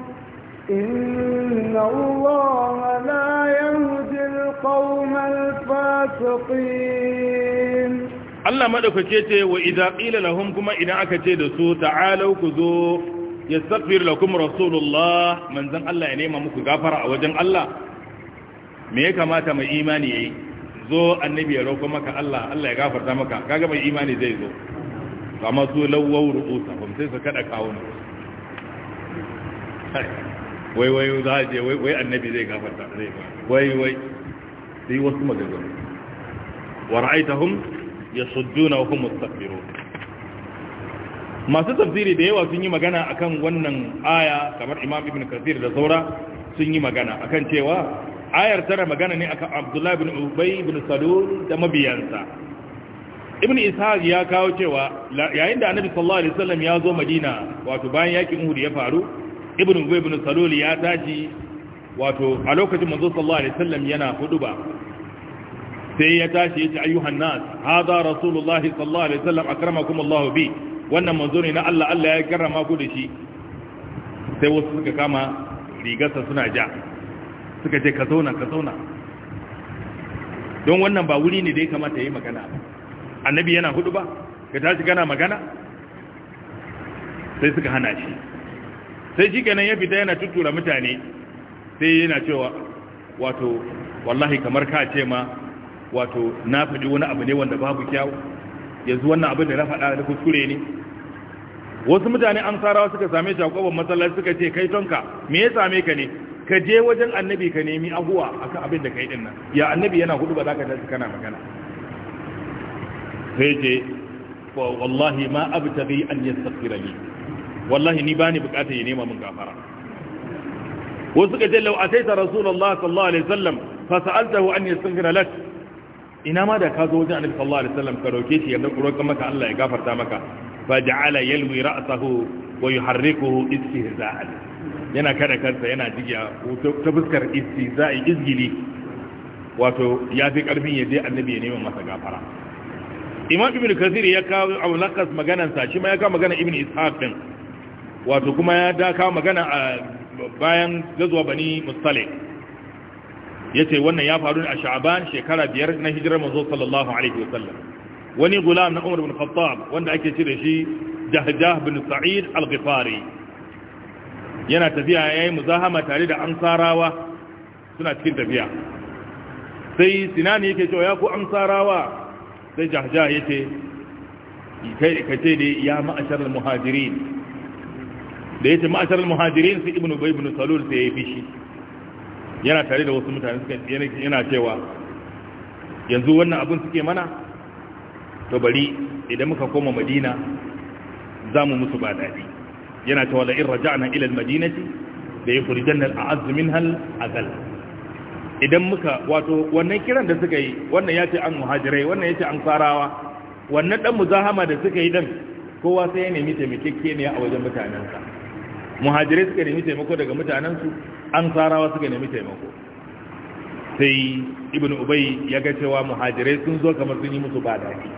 إن الله لا يهدي القوم الفاسقين Allah madaukake ce wa idza qila lahum kuma idan aka ce da su ta'alu ku zo yastaghfir lakum rasulullah manzon Allah ya nema muku gafara a wajen Allah me ya kamata mai imani yi? zo annabi ya roƙo maka Allah Allah ya gafarta maka kaga mai imani zai zo amma su lawau ru'usa ba sai su kada kawo ne wai wai za a je wai wai annabi zai gafarta zai wai wai sai wasu maganganu wa ra'aitahum yasudduna wa hum mustakbirun masu tafsiri da yawa sun yi magana akan wannan aya kamar Imam Ibn Kathir da Zaura sun yi magana akan cewa ayar tana magana ne akan abdullahi bin ubay bin salul da mabiyansa ibn ishaq ya kawo cewa yayin da annabi sallallahu alaihi wasallam ya zo madina wato bayan yakin uhud ya faru ibn ubay bin salul ya tashi wato a lokacin manzo sallallahu alaihi wasallam yana huduba sai ya tashi ya ce ayyuhan nas hada rasulullahi sallallahu alaihi wasallam akramakumullahu bi wannan manzo ne na Allah Allah ya karrama ku da shi sai wasu suka kama rigarsa suna ja suka ce ka zauna ka zauna don wannan ba wuri ne da ya kamata ya yi magana annabi yana hudu ba ka tashi gana magana sai suka hana shi sai shi ganin ya fita yana tuttura mutane sai yana cewa wato wallahi kamar ka ce ma wato na faɗi wani abu ne wanda babu kyau yanzu wannan abin da na faɗa da kuskure ne wasu mutane an sarawa suka same shi a kwabon matsalar suka ce kai tonka me ya same ka ne ka je wajen annabi ka nemi abuwa akan abin da kai din nan ya annabi yana hudu ba za ka tashi kana magana sai ce wallahi ma abtaghi an yastaghfira li wallahi ni bani bukata ya nema min gafara wasu ka ce law ataita rasulullah sallallahu alaihi wasallam fa sa'altahu an yastaghfira lak ina ma da ka zo wajen annabi sallallahu alaihi wasallam ka roke shi ya roƙa maka Allah ya gafarta maka fa ja'ala yalwi ra'sahu wa yuharrikuhu istihza'an yana kada kansa yana jigiya ta fuskar istiza'i izgili wato ya fi karfin ya je annabi ya neman masa gafara imam ibn kasir ya kawo abu nakas maganansa shi ma ya kawo magana ibn ishaq din wato kuma ya da kawo magana a bayan gazuwa bani mustalik ya ce wannan ya faru a sha'aban shekara biyar na hijirar mazo sallallahu alaihi wa sallam wani gulam na umar bin khattab wanda ake ce da shi jahjah bin sa'id al-ghifari yana tafiya ya yi muzahama tare da amsarawa suna cikin tafiya sai sinani yake cewa ya ku amsarawa sai jahja ya ce ka ce da ya ma'ashar muhajirin da ya ce ma'ashar muhajirin su ibn ubai ibn salul sai ya yi fishi yana tare da wasu mutane suka yana cewa yanzu wannan abin suke mana to bari idan muka koma madina za mu musu ba daɗi yana ta wala in raja'na ila al-madinati da yukhrijanna al az minha al-azal idan muka wato wannan kiran da suka yi wannan yace an muhajirai wannan yace an farawa wannan dan muzahama da suka yi dan kowa sai ya nemi taimakekke ne a wajen mutanensa muhajirai suka nemi taimako daga mutanensu an farawa suka nemi taimako sai ibn ubay ya ga cewa muhajirai sun zo kamar sun yi musu ba daɗi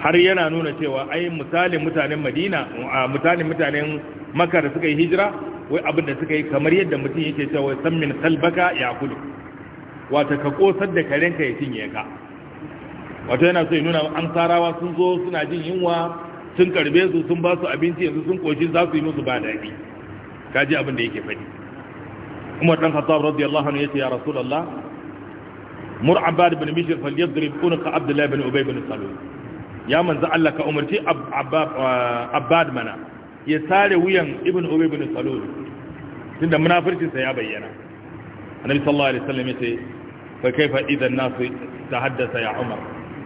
har yana nuna cewa ai misalin mutanen madina misalin mutanen maka da suka yi hijira wai abin da suka yi kamar yadda mutum yake cewa san min salbaka ya kudu wata ka kosar da karenka ya cinye ka wato yana so ya nuna an sarawa sun zo suna jin yunwa sun karbe su sun ba su abinci yanzu sun koshi za su yi musu ba daɗi kaji abin da yake faɗi umar dan khattab radiyallahu anhu yace ya rasulullah mur abbad ibn bishr falyadrib unqa abdullah ibn ubay ibn salul ya manzo Allah ka umarci uh, abbad mana ya sare wuyan ibn ubay ibn salul tunda munafirci sa ya bayyana annabi sallallahu alaihi wasallam yace fa kaifa idan nasu tahaddatha ya umar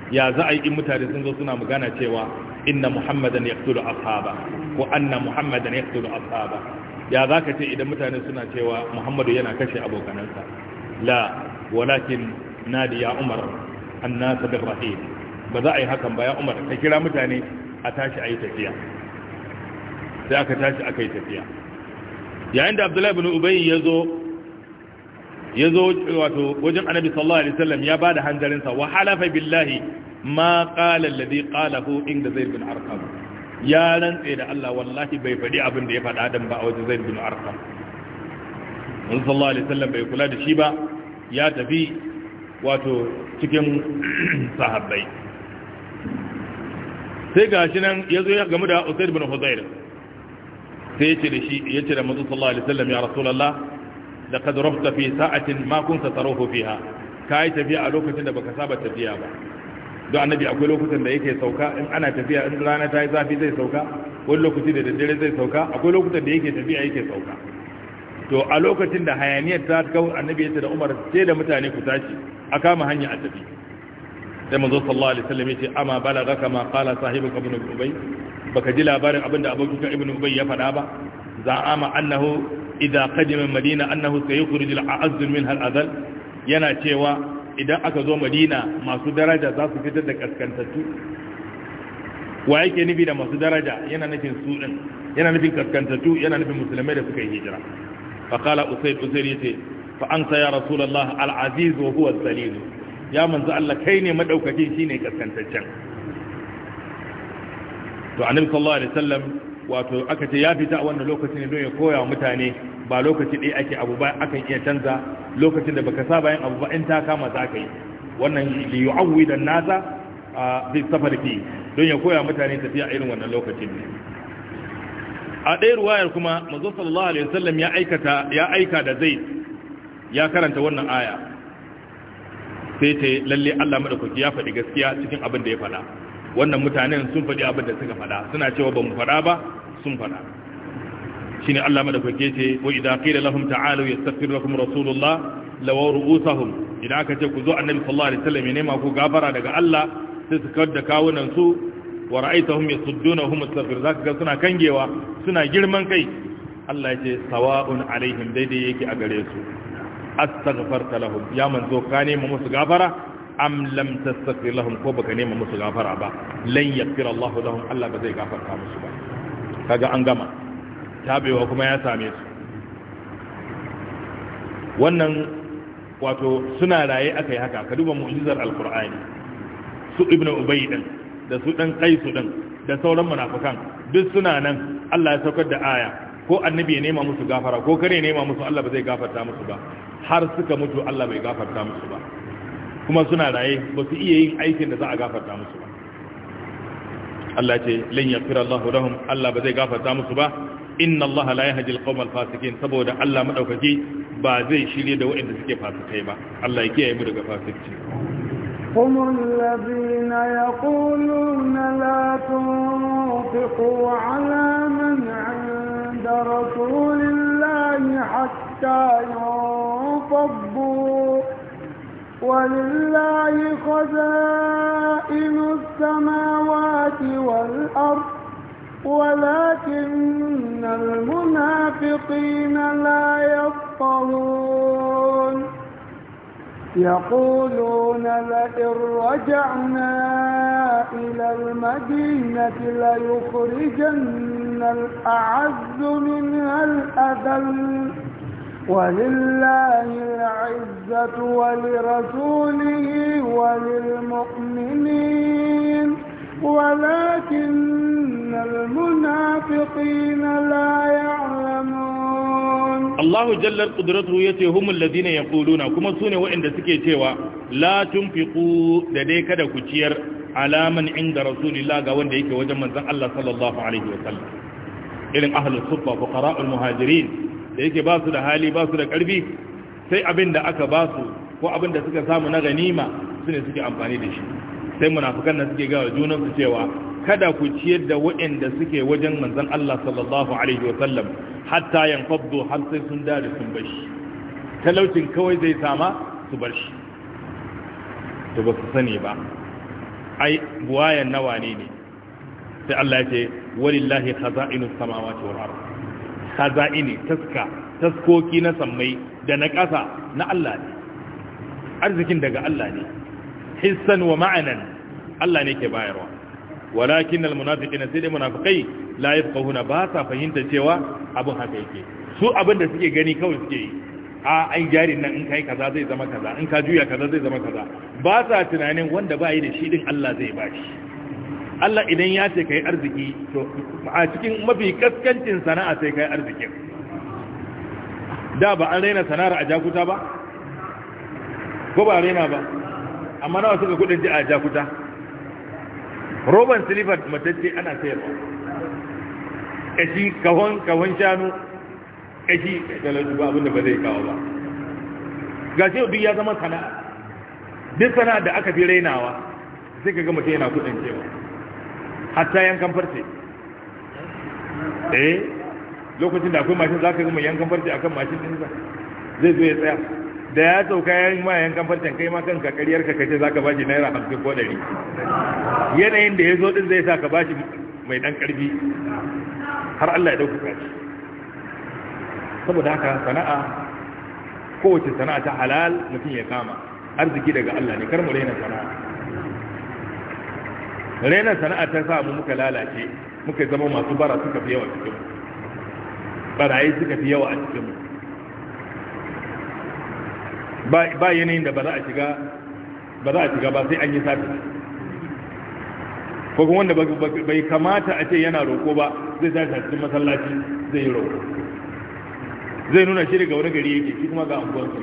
ya za a yi mutane sun zo suna magana cewa inna muhammadan yaqtulu ashaba ko anna muhammadan yaqtulu ashaba ya za ka ce idan mutane suna cewa muhammadu yana kashe abokanansa la walakin nadi ya umar annasa bin rahim ba za a yi hakan ba ya umar ka kira mutane a tashi a yi tafiya sai aka tashi aka yi tafiya yayin da abdullahi bin ubayi ya zo wato wajen annabi sallallahu alaihi wasallam ya ba da hanzarinsa wa halafa billahi ma qala alladhi qalahu inda zaid bin arqam ya rantse da Allah wallahi bai faɗi abin da ya faɗa dan ba a wajen zaid bin arqam annabi sallallahu alaihi wasallam bai kula da shi ba ya tafi wato cikin sahabbai sai ga shi nan ya zo ya gamu da usaid bin huzair sai ya ce da shi ya ce da mazu sallallahu alaihi wasallam ya rasulullah laqad rafta fi sa'atin ma kunta taruhu fiha kai tafiya a lokacin da baka saba tafiya ba don annabi akwai lokutan da yake sauka in ana tafiya in rana ta yi zafi zai sauka wani lokaci da daddare zai sauka akwai lokutan da yake tafiya yake sauka to a lokacin da hayaniyar ta kawo annabi ya ce da umar ce da mutane ku tashi a kama hanya a tafi sai manzo sallallahu alaihi wasallam yace amma balagaka ma qala sahibuka ibn ubay baka ji labarin abinda abokin abokinka ibn ubay ya faɗa ba za'ama annahu idza qadima madina annahu sayukhrij al'azz minha al'adl yana cewa idan aka zo madina masu daraja za su fitar da kaskantattu wa yake nufi da masu daraja yana nufin su din yana nufin kaskantattu yana nufin musulmai da suka yi hijira fa qala usayd usayd yace fa anta ya rasulullah al'aziz wa huwa adh-dhalil ya manzo Allah kai ne shi ne kaskantaccen to annabi sallallahu alaihi wasallam wato aka ce ya fita a wannan lokacin ne don ya koya wa mutane ba lokaci ɗaya ake abu ba akan iya canza lokacin da baka saba yin abu ba in ta kama za ka yi wannan li yu'awwidan nasa bi safar fi don ya koya mutane tafiya irin wannan lokacin ne a ɗaya ruwayar kuma manzo sallallahu alaihi wasallam ya aikata ya aika da zai ya karanta wannan aya sai ta yi lalle Allah madaukaki ya faɗi gaskiya cikin abin da ya faɗa wannan mutanen sun faɗi abin da suka faɗa suna cewa ba mu faɗa ba sun faɗa shine Allah madaukaki ce wa idza qila lahum ta'alu yastaghfir lakum rasulullah law ru'usahum idan aka ce ku zo annabi sallallahu alaihi wasallam ya nema ku gafara daga Allah sai su kawar da kawunan su wa ra'aytahum astaghfir zaka ga suna kangewa suna girman kai Allah ya ce sawa'un alaihim daidai yake a gare su astaghfarta lahum ya manzo ka nema musu gafara am lam tastaghfir lahum ko baka nema musu gafara ba lan yaghfir Allah lahum Allah ba zai gafarta musu ba kaga an gama tabewa kuma ya same su wannan wato suna raye akai haka ka duba mu'jizar alqur'ani su ibnu ubay din da su dan qaisu din da sauran munafikan duk suna nan Allah ya saukar da aya ko annabi ya nema musu gafara ko kare nema musu Allah ba zai gafarta musu ba har suka mutu Allah bai gafarta musu ba kuma suna raye ba su iya yin aikin da za a gafarta musu ba Allah ce lan yaghfira Allahu lahum Allah ba zai gafarta musu ba inna Allah la yahdi al-qawmal saboda Allah madaukaki ba zai shirye da waɗanda suke fasikai ba Allah ya kiyaye mu daga fasikci هم الذين يقولون لا تنفقوا على من عند رسول الله حتى ينفقوا صبوا ولله خزائن السماوات والأرض ولكن المنافقين لا يفقهون يقولون لئن رجعنا إلى المدينة ليخرجن الأعز منها الأذل ولله العزة ولرسوله وللمؤمنين ولكن المنافقين لا يعلمون الله جل قدرته يتي هم الذين يقولون كما سنة وإن دسكي تيوى لا تنفقوا لديك دكتير على من عند رسول الله قوان ديك وجمع الله صلى الله عليه وسلم إذن أهل الصفة فقراء المهاجرين da yake ba su da hali ba su da ƙarfi sai abin da aka ba su ko abin da suka samu na ganima su ne suke amfani da shi sai munafukan da suke gawa su cewa kada ku ciyar da waɗanda suke wajen manzon Allah sallallahu alaihi wa sallam hatta yanfaddu har sai sun dare sun bar shi talaucin kawai zai sama su bar shi to ba su sani ba ai buwayan nawa ne ne sai Allah ya ce walillahi khaza'inus samawati wal ardh khaza'ini taska taskoki na sammai da na ƙasa na Allah ne arzikin daga Allah ne hissan wa ma'anan Allah ne ke bayarwa walakin almunafiqin sai dai munafiqai la yafqahuna ba sa fahimta cewa abin haka yake su abin da suke gani kawai suke yi a ai jarin nan in kai kaza zai zama kaza in ka juya kaza zai zama kaza ba sa tunanin wanda ba yi da shi din Allah zai bashi Allah idan ya ce kai arziki to a cikin mafi kaskancin sana'a sai kai arzikin da ba an raina sana'ar a jakuta ba ko ba raina ba amma nawa suka kudin ji a jakuta roban silifar matacce ana sayarwa kashi kawon kawon shanu kashi talauci ba abinda ba zai kawo ba ga shi duk ya zama sana'a duk sana'a da aka fi rainawa sai ka gama ta yana kudin cewa hatta yankan farce eh lokacin da akwai mashin za ka gama yankan farce akan mashin ba zai zo ya tsaya da ya sauka ya yi ma yankan farcen kai ma kanka kariyar ka kace za ka bashi naira hamsin ko ɗari yanayin da ya zo din zai sa ka bashi mai ɗan ƙarfi har Allah ya dauka shi saboda haka sana'a kowace sana'a ta halal mutum ya kama arziki daga Allah ne kar mu daina sana'a renar sana'a ta samu muka lalace muka zama masu bara suka fi yawa cikin barayi suka fi yawa a cikin ba yanayin da ba za a shiga ba za a shiga ba sai an yi sata ko wanda bai kamata a ce yana roko ba zai tashi a cikin masallaci zai yi roko zai nuna shi daga wani gari yake shi kuma ga anguwansu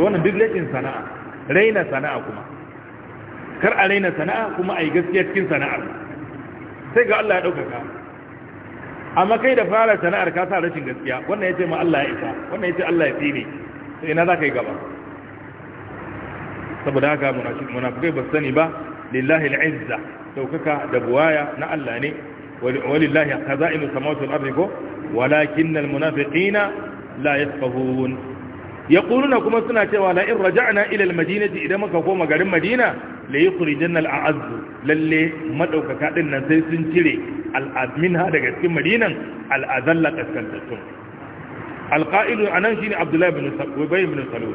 to wannan duk laifin sana'a raina sana'a kuma kar a raina sana'a kuma a yi gaskiya cikin sana'ar sai ga Allah ya ɗaukaka amma kai da fara sana'ar ka sa rashin gaskiya wannan ya ce ma Allah ya isa wannan ya ce Allah ya tsine sai ina za ka yi gaba saboda haka munafukai ba sani ba lillahi al'izza daukaka da buwaya na Allah ne walillahi khaza'inu samawati wal ardi ko walakinnal munafiqina la yafqahun yaquluna kuma suna cewa la'in Raja'ana, raja'na ila madinati idan muka koma garin madina la yukhrijanna al-a'azz lalle madaukaka din nan sai sun cire al-azmin ha daga cikin madinan al-azalla kaskantatun al-qa'ilu anan shine abdullahi ibn ubay ibn salul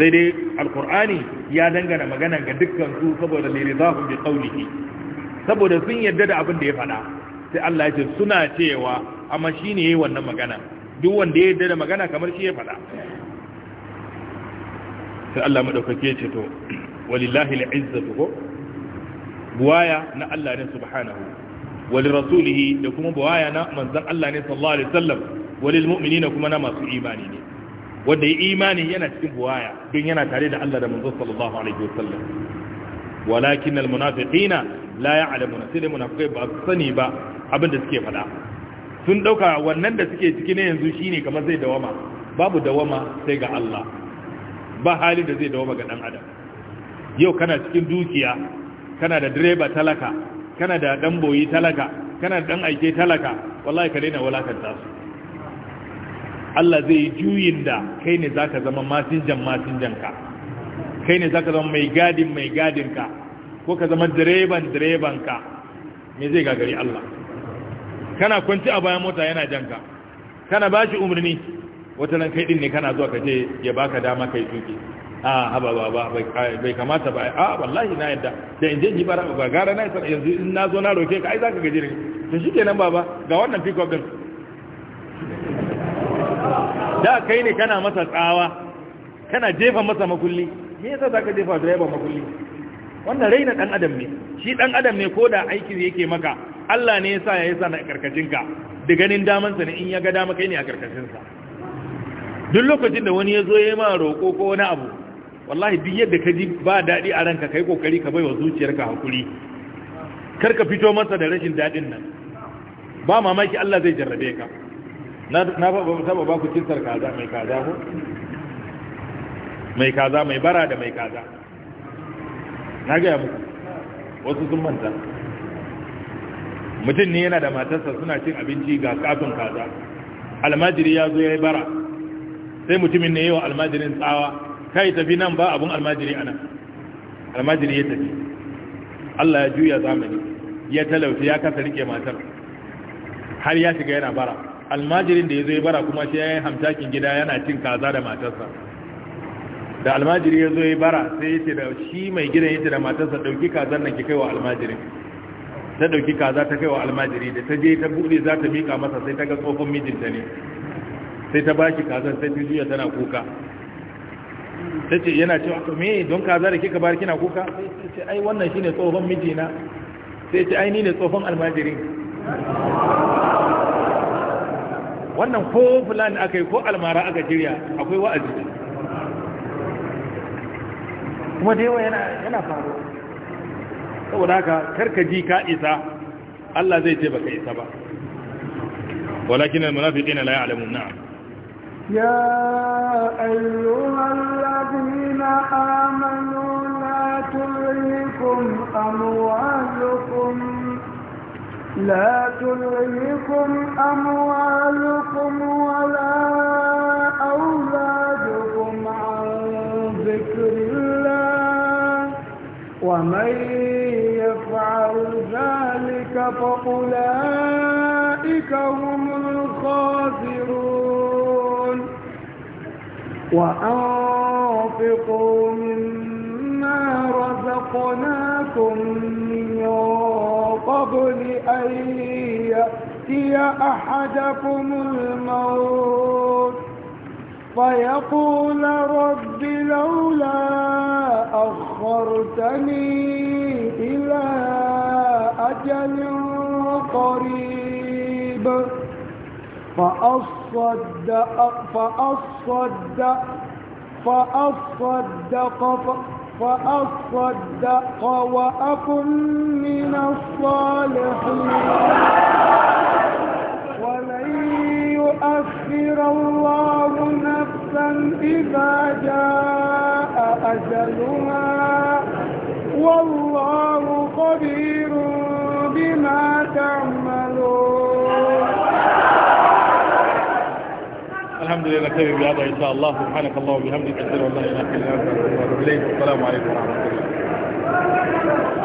sai dai al-qur'ani ya dangana magana ga dukkan saboda liridahum bi qawlihi saboda sun yarda da abin da ya faɗa sai Allah ya ce suna cewa amma shi shine yi wannan magana duk wanda ya yarda da magana kamar shi ya faɗa sai Allah madaukake ya ce to walillahi al'izzatu ko buwaya na Allah ne subhanahu wali rasulihi da kuma buwaya na manzon Allah ne sallallahu alaihi wasallam walil mu'minina kuma na masu imani ne wanda ya imani yana cikin buwaya don yana tare da Allah da manzon sallallahu alaihi wasallam walakin almunafiqina la ya'lamuna sai munafiqai ba su sani ba abin da suke faɗa sun dauka wannan da suke ciki ne yanzu shine kamar zai dawama babu dawama sai ga Allah ba hali da zai dawama ga dan adam yau kana cikin dukiya kana da direba talaka kana da dan boyi talaka kana da dan aike talaka wallahi ka daina walakanta su Allah zai yi juyin da kai ne zaka zama masinjan masinjanka kai ne zaka zama mai gadin mai gadinka ko ka zama direban ka me zai gagari Allah kana kwanci a bayan mota yana janka kana ba shi umarni wata nan kai din ne kana zuwa kaje ya baka dama kai tuki a haba ba ba bai kamata ba a wallahi na yadda da in je ji bara ba gara na isa yanzu in na zo na roke ka ai zaka gaji ne to shikenan baba ga wannan pickup din da kai ne kana masa tsawa kana jefa masa makulli me yasa zaka jefa driver makulli wannan raina dan adam ne shi dan adam ne ko da aiki yake maka Allah ne yasa ya yasa na karkashinka da ganin damansa ne in ya ga dama kai ne a karkashinsa duk lokacin da wani ya zo ya ma roƙo ko wani abu wallahi duk yadda ka ji ba daɗi a ranka kai kokari ka bai wa zuciyarka hakuri kar ka fito masa da rashin daɗin nan ba mamaki Allah zai jarrabe ka na taba ba ku cintar kaza mai kaza ko mai kaza mai bara da mai kaza na gaya muku wasu sun manta mutum ne yana da matarsa suna cin abinci ga kafin kaza almajiri ya zo ya yi bara sai mutumin ne wa almajirin tsawa kai tafi nan ba abin almajiri ana almajiri ya tafi Allah ya juya zamani ya talauci ya kasa rike matar har ya shiga yana bara almajirin da ya zo ya bara kuma shi ya yi hamtakin gida yana cin kaza da matarsa da almajiri ya zo ya bara sai ya ce da shi mai gidan ya ce da matarsa ɗauki kazan nan ki kai wa almajirin ta dauki kaza ta kai wa almajiri da ta je ta buɗe za ta mika masa sai ta ga tsofin mijinta ne sai ta bashi kaza sai ta juya tana kuka ta ce yana cewa me don kaza da kika bari kina kuka sai ce ai wannan shine tsofin mijina sai ce ai ni ne tsofin almajiri wannan ko fulani aka yi ko almara aka jirya akwai wa'azi kuma dai yawa yana faruwa saboda haka karka ji ka isa Allah zai ce baka isa ba walakin almunafiqina la ya'lamun na'am ya أيها الذين آمنوا لا تلهكم أموالكم لا تلهكم أموالكم ولا أولادكم عن ذكر الله ومن ذلك فأولئك هم الخاسرون وأنفقوا مما رزقناكم من قبل أن يأتي أحدكم الموت فيقول رب لولا أخرتني إلى أجل قريب فأصدق فأصدق فأصدق فأصدق وأكن من الصالحين ولن يؤخر الله نفسا إذا جاء أجلها والله خبير بما تعملون الحمد لله كريم بهذا إن شاء الله سبحانك الله وبحمدك أشهد أن لا إله إلا أنت أستغفرك وأتوب إليك والسلام عليكم ورحمة الله